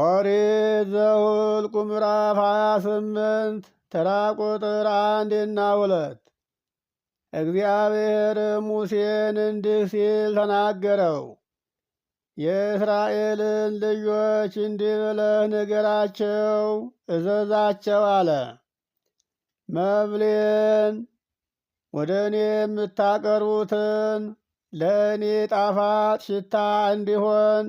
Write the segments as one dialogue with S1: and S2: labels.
S1: ኦሪት ዘኍልቍ ምዕራፍ ሃያ ስምንት ተራ ቁጥር አንድና ሁለት እግዚአብሔር ሙሴን እንዲህ ሲል ተናገረው። የእስራኤልን ልጆች እንዲህ ብለህ ንገራቸው፣ እዘዛቸው አለ። መብሌን ወደ እኔ የምታቀርቡትን ለእኔ ጣፋጭ ሽታ እንዲሆን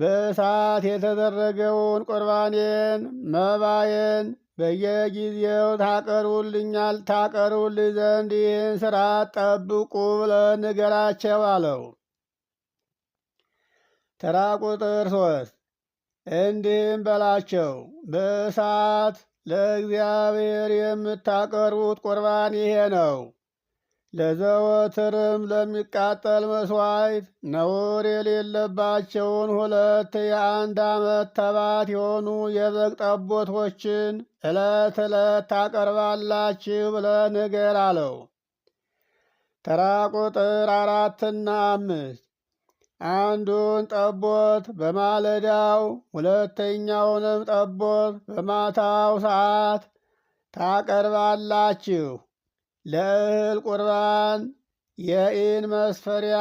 S1: በእሳት የተደረገውን ቁርባኔን መባዬን በየጊዜው ታቀርቡልኛል ታቀርቡልኝ ዘንድ ይህን ስርዓት ጠብቁ ብለን ንገራቸው አለው። ተራ ቁጥር ሶስት እንዲህም በላቸው በእሳት ለእግዚአብሔር የምታቀርቡት ቁርባን ይሄ ነው። ለዘወትርም ለሚቃጠል መስዋይት ነውር የሌለባቸውን ሁለት የአንድ ዓመት ተባት የሆኑ የበግ ጠቦቶችን ዕለት ዕለት ታቀርባላችሁ ብለ ንገር አለው። ተራ ቁጥር አራትና አምስት አንዱን ጠቦት በማለዳው ሁለተኛውንም ጠቦት በማታው ሰዓት ታቀርባላችሁ ለእህል ቁርባን የኢን መስፈሪያ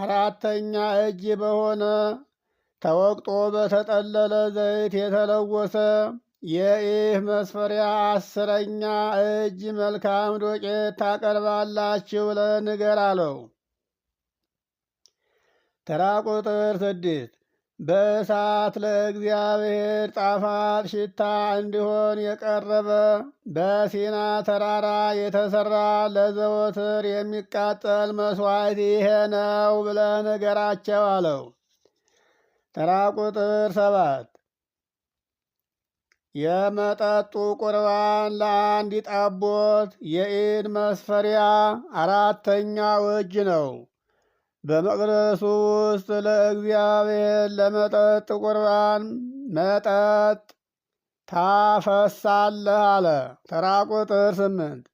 S1: አራተኛ እጅ በሆነ ተወቅጦ በተጠለለ ዘይት የተለወሰ የኢህ መስፈሪያ አስረኛ እጅ መልካም ዶቄት ታቀርባላችሁ ለንገር አለው። ተራ ቁጥር ስድስት በእሳት ለእግዚአብሔር ጣፋት ሽታ እንዲሆን የቀረበ በሲና ተራራ የተሰራ ለዘወትር የሚቃጠል መስዋዕት ይሄ ነው ብለ ነገራቸው አለው። ተራ ቁጥር ሰባት የመጠጡ ቁርባን ለአንድ ጣቦት የኢድ መስፈሪያ አራተኛው እጅ ነው። በመቅደሱ ውስጥ ለእግዚአብሔር ለመጠጥ ቁርባን መጠጥ ታፈሳለህ አለ። ተራ ቁጥር ስምንት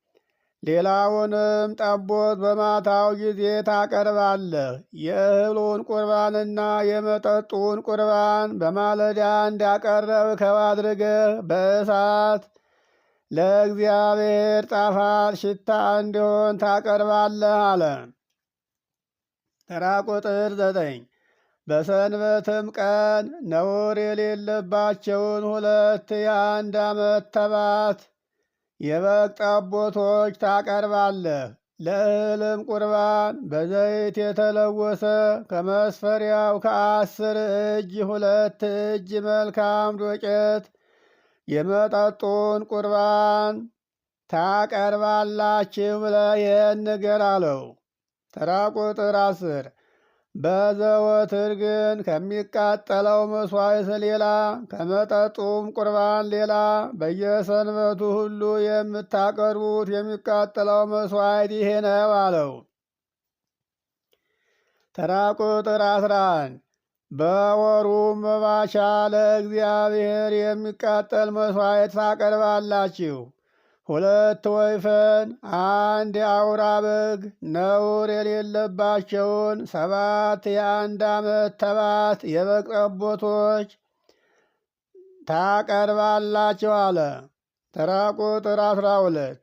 S1: ሌላውንም ጠቦት በማታው ጊዜ ታቀርባለህ። የእህሉን ቁርባንና የመጠጡን ቁርባን በማለዳ እንዳቀረብ ከባድርገህ በእሳት ለእግዚአብሔር ጣፋት ሽታ እንዲሆን ታቀርባለህ አለን። ተራ ቁጥር ዘጠኝ በሰንበትም ቀን ነውር የሌለባቸውን ሁለት የአንድ ዓመት ተባት የበግ ጠቦቶች ታቀርባለህ። ለእህልም ቁርባን በዘይት የተለወሰ ከመስፈሪያው ከአስር እጅ ሁለት እጅ መልካም ዶቄት የመጠጡን ቁርባን ታቀርባላችሁ ብለህ ይህን ንገር አለው። ተራ ቁጥር አስር በዘወትር ግን ከሚቃጠለው መስዋዕት ሌላ ከመጠጡም ቁርባን ሌላ በየሰንበቱ ሁሉ የምታቀርቡት የሚቃጠለው መስዋዕት ይሄ ነው አለው። ተራ ቁጥር አስራ አንድ በወሩ መባቻ ለእግዚአብሔር የሚቃጠል መስዋዕት ታቀርባላችሁ። ሁለት ወይፈን አንድ የአውራ በግ ነውር የሌለባቸውን ሰባት የአንድ ዓመት ተባት የበግ ጠቦቶች ታቀርባላቸው አለ። ተራ ቁጥር አስራ ሁለት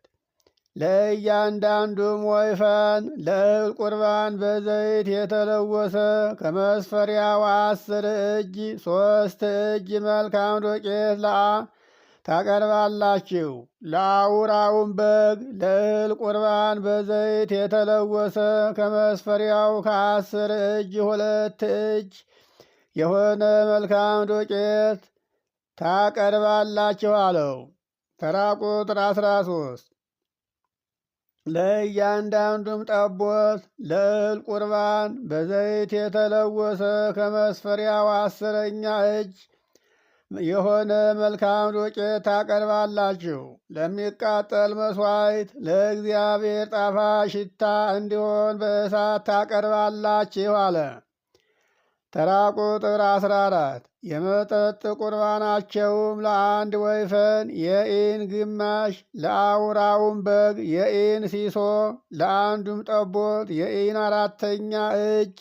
S1: ለእያንዳንዱም ወይፈን ለእህል ቁርባን በዘይት የተለወሰ ከመስፈሪያው አስር እጅ ሶስት እጅ መልካም ዶቄት ለአ ታቀርባላችሁ። ለአውራውን በግ ለእህል ቁርባን በዘይት የተለወሰ ከመስፈሪያው ከአስር እጅ ሁለት እጅ የሆነ መልካም ዱቄት ታቀርባላችሁ አለው። ተራ ቁጥር አስራ ሶስት ለእያንዳንዱም ጠቦት ለእህል ቁርባን በዘይት የተለወሰ ከመስፈሪያው አስረኛ እጅ የሆነ መልካም ዱቄት ታቀርባላችሁ። ለሚቃጠል መስዋይት ለእግዚአብሔር ጣፋ ሽታ እንዲሆን በእሳት ታቀርባላችሁ አለ። ተራ ቁጥር 14 የመጠጥ ቁርባናቸውም ለአንድ ወይፈን የኢን ግማሽ፣ ለአውራውም በግ የኢን ሲሶ፣ ለአንዱም ጠቦት የኢን አራተኛ እጅ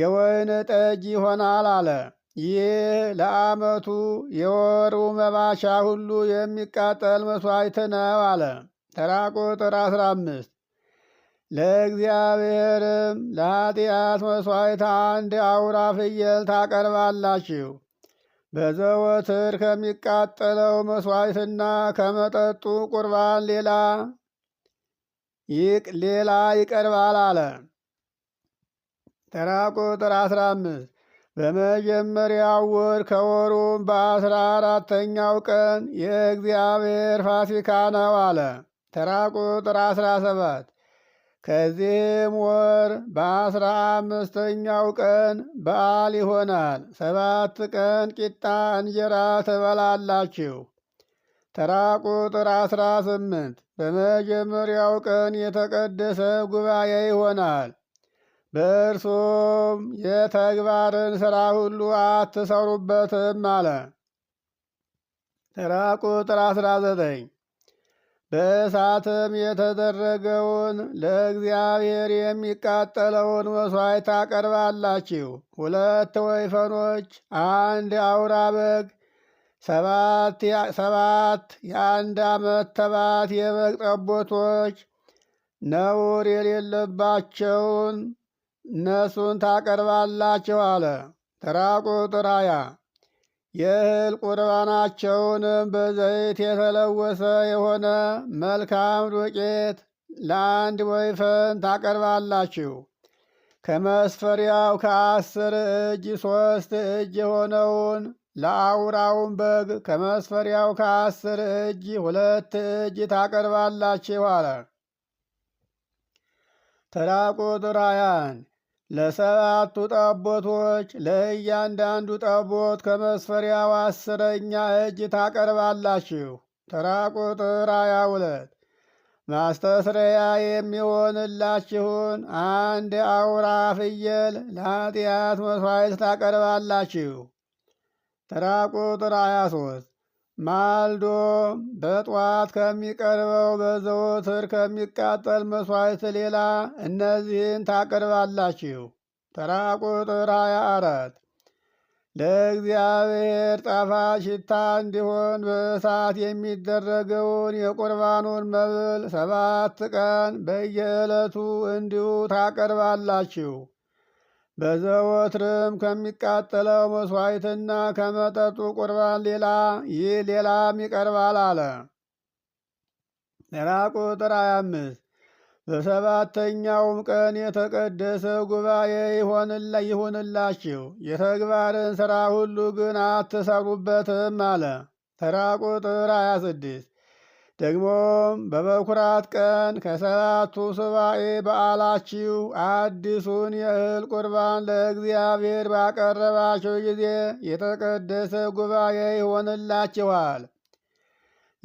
S1: የወይን ጠጅ ይሆናል አለ። ይህ ለዓመቱ የወሩ መባቻ ሁሉ የሚቃጠል መሥዋዕት ነው አለ። ተራ ቁጥር አስራ አምስት ለእግዚአብሔርም ለኃጢአት መሥዋዕት አንድ አውራ ፍየል ታቀርባላችሁ። በዘወትር ከሚቃጠለው መሥዋዕትና ከመጠጡ ቁርባን ሌላ ሌላ ይቀርባል አለ። ተራ ቁጥር አስራ አምስት በመጀመሪያው ወር ከወሩም በአስራ አራተኛው ቀን የእግዚአብሔር ፋሲካ ነው አለ። ተራ ቁጥር አስራ ሰባት ከዚህም ወር በአስራ አምስተኛው ቀን በዓል ይሆናል። ሰባት ቀን ቂጣ እንጀራ ትበላላችሁ። ተራ ቁጥር አስራ ስምንት በመጀመሪያው ቀን የተቀደሰ ጉባኤ ይሆናል። በእርሱም የተግባርን ሥራ ሁሉ አትሰሩበትም አለ። ተራ ቁጥር አስራ ዘጠኝ በእሳትም የተደረገውን ለእግዚአብሔር የሚቃጠለውን መሥዋዕት ታቀርባላችሁ። ሁለት ወይፈኖች፣ አንድ አውራ በግ፣ ሰባት የአንድ ዓመት ተባት የበግ ጠቦቶች ነውር የሌለባቸውን እነሱን ታቀርባላቸው አለ። ተራ ቁጥር ሃያ የእህል ቁርባናቸውንም በዘይት የተለወሰ የሆነ መልካም ዱቄት ለአንድ ወይፈን ታቀርባላችሁ። ከመስፈሪያው ከአስር እጅ ሶስት እጅ የሆነውን ለአውራውን በግ ከመስፈሪያው ከአስር እጅ ሁለት እጅ ታቀርባላችሁ አለ። ተራ ቁጥር ሃያን ለሰባቱ ጠቦቶች ለእያንዳንዱ ጠቦት ከመስፈሪያው አስረኛ እጅ ታቀርባላችሁ። ተራ ቁጥር ሃያ ሁለት ማስተስረያ የሚሆንላችሁን አንድ አውራ ፍየል ለኃጢአት መስዋዕት ታቀርባላችሁ። ተራ ቁጥር ሃያ ሶስት ማልዶ በጧት ከሚቀርበው በዘወትር ከሚቃጠል መስዋዕት ሌላ እነዚህን ታቀርባላችሁ። ተራ ቁጥር ሃያ አራት ለእግዚአብሔር ጣፋጭ ሽታ እንዲሆን በእሳት የሚደረገውን የቁርባኑን መብል ሰባት ቀን በየዕለቱ እንዲሁ ታቀርባላችሁ። በዘወትርም ከሚቃጠለው መስዋዕትና ከመጠጡ ቁርባን ሌላ ይህ ሌላም ይቀርባል አለ። ራ ቁጥር 25 በሰባተኛውም ቀን የተቀደሰ ጉባኤ ይሁንላችሁ፣ የተግባርን ሥራ ሁሉ ግን አትሰሩበትም አለ። ተራ ቁጥር 26 ደግሞም በበኩራት ቀን ከሰባቱ ሱባኤ በዓላችሁ አዲሱን የእህል ቁርባን ለእግዚአብሔር ባቀረባቸው ጊዜ የተቀደሰ ጉባኤ ይሆንላችኋል።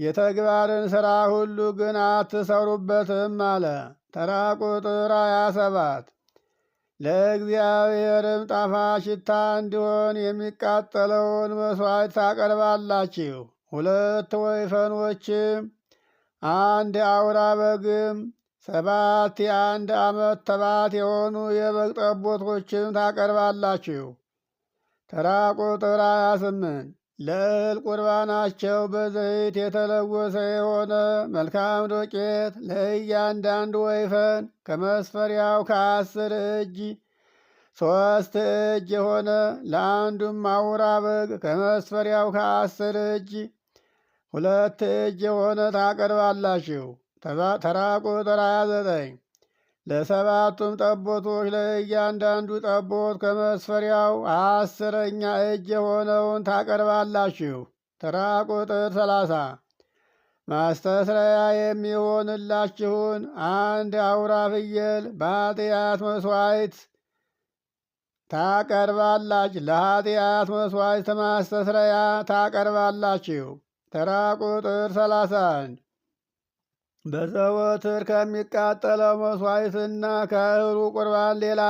S1: የተግባርን ሥራ ሁሉ ግን አትሰሩበትም አለ። ተራ ቁጥር ሃያ ሰባት ለእግዚአብሔርም ጣፋጭ ሽታ እንዲሆን የሚቃጠለውን መሥዋዕት ታቀርባላችሁ። ሁለት ወይፈኖችም አንድ አውራ በግም ሰባት የአንድ ዓመት ተባት የሆኑ የበግ ጠቦቶችን ታቀርባላችሁ። ተራ ቁጥር 28 ለእል ለእህል ቁርባናቸው በዘይት የተለወሰ የሆነ መልካም ዶቄት ለእያንዳንድ ወይፈን ከመስፈሪያው ከአስር እጅ ሶስት እጅ የሆነ ለአንዱም አውራ በግ ከመስፈሪያው ከአስር እጅ ሁለት እጅ የሆነ ታቀርባላችሁ። ተራ ቁጥር ሃያ ዘጠኝ ለሰባቱም ጠቦቶች ለእያንዳንዱ ጠቦት ከመስፈሪያው አስረኛ እጅ የሆነውን ታቀርባላችሁ። ተራ ቁጥር ሰላሳ ማስተስረያ የሚሆንላችሁን አንድ አውራ ፍየል በኃጢአት መስዋዕት ታቀርባላችሁ። ለኃጢአት መስዋዕት ማስተስረያ ታቀርባላችሁ። ተራ ቁጥር 31 በዘወትር ከሚቃጠለው መስዋዕትና ከእህሉ ቁርባን ሌላ